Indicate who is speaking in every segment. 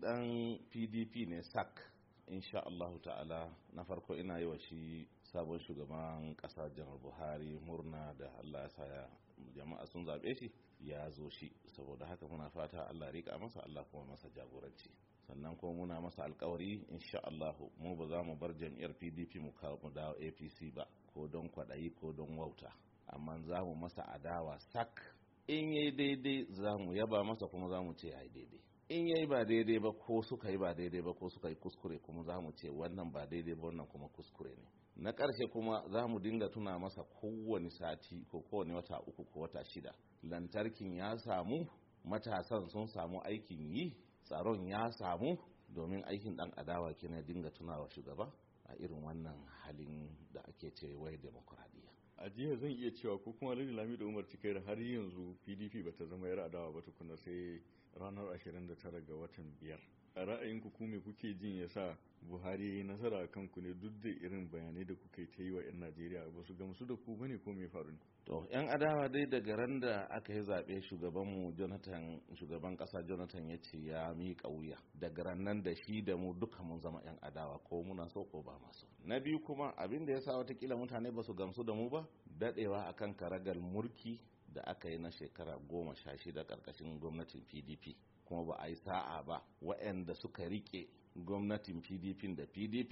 Speaker 1: dan pdp ne sac insha Allah ta'ala na farko ina yi wa shi sabon shugaban kasa janar buhari murna da Allah ya saya jama'a sun zaɓe shi ya zo shi saboda haka muna fata Allah rika masa Allah kuma masa jagoranci sannan kuma muna masa alkawari insha Allah mu ba za mu bar jam'iyyar PDP mu mu dawo APC ba ko don kwaɗayi ko don wauta amma za mu masa adawa SAC in yayi daidai za mu yaba masa kuma za mu ce yayi daidai in yayi ba daidai ba ko suka yi ba daidai ba ko suka yi kuskure kuma za mu ce wannan ba daidai ba wannan kuma kuskure ne na ƙarshe kuma za mu dinga tuna masa kowane sati ko kowane wata uku ko wata shida lantarkin ya samu matasan sun samu aikin yi tsaron ya samu domin aikin ɗan adawa kina dinga tunawa shugaba a irin wannan halin da ake ce wai
Speaker 2: a jiya zan iya cewa ko kuma Alhaji Lamido Umar da har yanzu PDP bata zama yar adawa ba tukuna sai ranar 29 ga watan biyar a ra'ayinku ku me kuke jin ya sa buhari ya yi nasara a kanku ne duk da irin bayanai da kuka ta yi wa 'yan najeriya ba su gamsu da ku bane ko mai faru ne to
Speaker 1: 'yan adawa dai daga ran da aka yi zaɓe shugabanmu jonathan shugaban ƙasa jonathan ya ce ya miƙa wuya daga ran nan da shi da mu duka mun zama 'yan adawa ko muna so ko ba masu na biyu kuma abin da ya sa watakila mutane ba su gamsu da mu ba daɗewa akan karagal mulki da aka yi na shekara goma sha shida karkashin gwamnatin pdp kuma ba a yi sa'a ba waɗanda suka rike gwamnatin pdp da pdp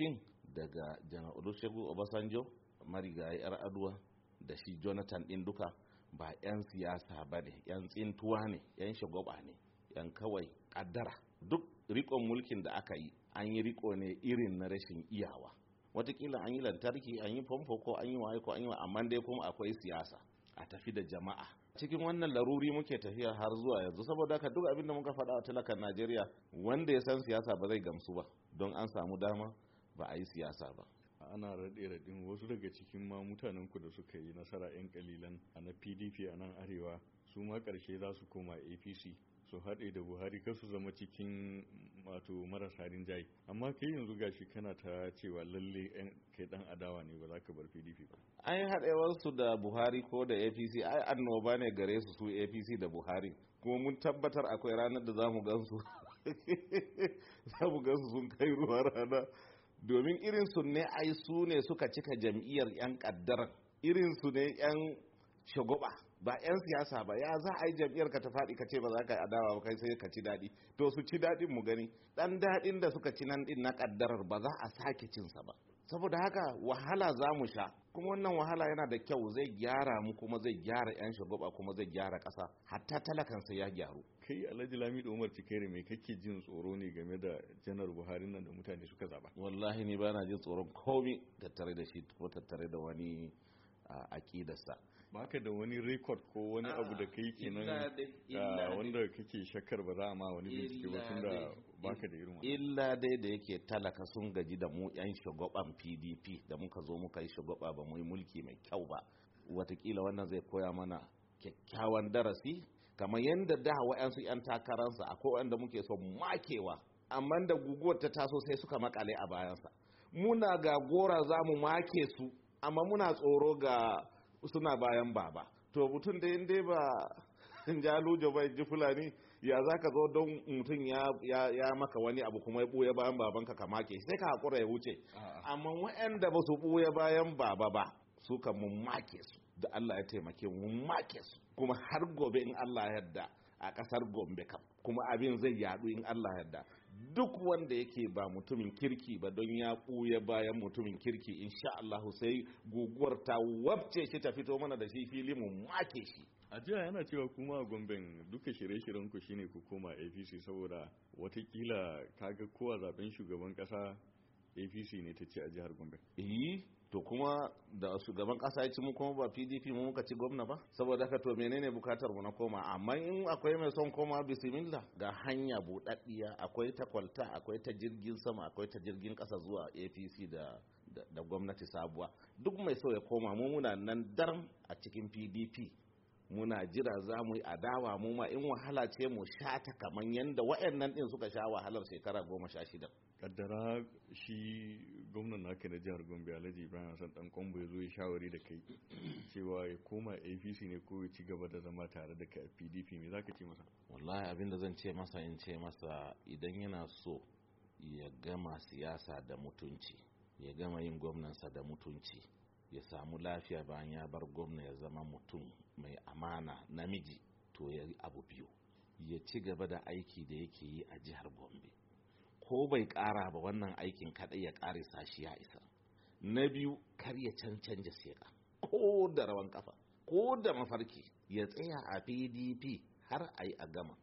Speaker 1: daga janar olusegun obasanjo marigayi yar aduwa da shi jonathan ɗin duka ba 'yan siyasa ba ne 'yan tsintuwa ne 'yan shagwaba ne 'yan kawai ƙaddara duk rikon mulkin da aka yi an yi riko ne irin na rashin iyawa watakila an yi lantarki an yi famfo ko an yi waye ko an yi amma dai kuma akwai siyasa a tafi da jama'a cikin wannan laruri muke tafiya har zuwa yanzu saboda ka duk abin da muka faɗa a talakan najeriya wanda ya san siyasa ba zai gamsu ba don an samu dama ba a yi siyasa ba
Speaker 2: ana raɗe raɗin wasu daga cikin ma mutanen ku da suka yi nasara 'yan kalilan a na pdp a nan arewa su ma ƙarshe za su koma apc su haɗe da buhari kar su zama cikin wato marasa rinjaye amma kai yanzu gashi kana ta cewa lalle kai dan adawa ne ba za ka bar pdp ba
Speaker 1: haɗe wasu da buhari ko da apc ai annoba ne gare su su apc da buhari kuma mun tabbatar akwai ranar da za mu gansu za mu gansu sun kai ruwa rana domin irin su ne ai su ne suka cika jam'iyyar yan kaddara irin su ne yan shagoba ba 'yan siyasa ba ya za a yi jam'iyyar ka ta faɗi ka ce ba za ka yi adawa ba kai sai ka ci daɗi to su ci daɗin mu gani ɗan daɗin da suka ci nan ɗin na ƙaddarar ba za a sake cinsa ba saboda haka wahala za mu sha kuma wannan wahala yana da kyau zai gyara mu kuma zai gyara 'yan shagoba
Speaker 2: kuma zai gyara ƙasa hatta talakan sai ya gyaru kai alhaji lamido umar cikere mai kake jin tsoro ne game da janar buhari nan da mutane suka zaba
Speaker 1: wallahi ni bana jin tsoron komi tattare da shi ko tattare da wani aƙidarsa
Speaker 2: ba ka da wani rekod ko wani abu da kai nan ah, wanda
Speaker 1: kake shakar ba za a ma wani bincike ba tun da ba ka da irin illa dai da yake talaka sun gaji da mu yan shugaban pdp da muka zo muka yi shugaba ba mu yi mulki mai kyau ba watakila wannan zai koya mana kyakkyawan darasi kamar yadda da wa'yansu 'yan takaransa akwai wanda muke so makewa amma da guguwar ta taso sai suka makale a bayansa muna ga gora za mu make su amma muna tsoro ga suna bayan baba to mutum da inda ba ja luja bai ji fulani ya za ka zo don mutum ya maka wani abu kuma ya buya bayan babanka ka make sai ka haƙura ya wuce amma wa'anda ba su ɓuya bayan baba ba su ka mun make su da Allah ya taimake mun make su kuma har gobe in Allah yadda a ƙasar Gombe kam kuma abin zai yaɗu in Allah yarda duk wanda yake ba mutumin kirki ba don ya ya bayan mutumin kirki insha Allah sai guguwar ta wabce shi ta fito mana da shi fili mu make shi
Speaker 2: a jiya yana cewa kuma a gomben duka shirye-shiryen ku shine ku koma APC saboda watakila kaga kowa zaben shugaban kasa apc ne ta ce a jihar gombe yi
Speaker 1: eh, to kuma da su gaban kasa ya ci mu kuma ba pdp mu muka ci gwamna ba saboda haka to menene bukatar mu na koma amma in akwai mai son koma bismillah ga hanya budaddiya akwai ta kwalta akwai ta jirgin sama akwai ta jirgin kasa zuwa apc da da, gwamnati sabuwa duk mai so ya koma mu muna nan daram a cikin pdp muna jira za mu yi adawa mu ma in wahala ce mu sha ta kamar yadda wa'annan din suka sha wahalar shekara goma sha shida.
Speaker 2: kaddara shi gwamnan naka na jihar gombe alhaji ibrahim hassan dan kwambo ya zo ya shawari da kai cewa ya koma apc ne ko ya ci gaba da zama tare da kai pdp me ka ce masa
Speaker 1: wallahi abin da zan ce masa in ce masa idan yana so ya gama siyasa da mutunci ya gama yin gwamnansa da mutunci ya samu lafiya bayan ya bar gwamna ya zama mutum mai amana namiji to ya yi abu biyu ya ci gaba da aiki da yake yi a jihar gombe ko bai ƙara ba wannan aikin kaɗai ya ƙare sashi ya isa na biyu kar ya cancanja seka ko da rawan kafa ko da mafarki ya tsaya a pdp har a yi a gama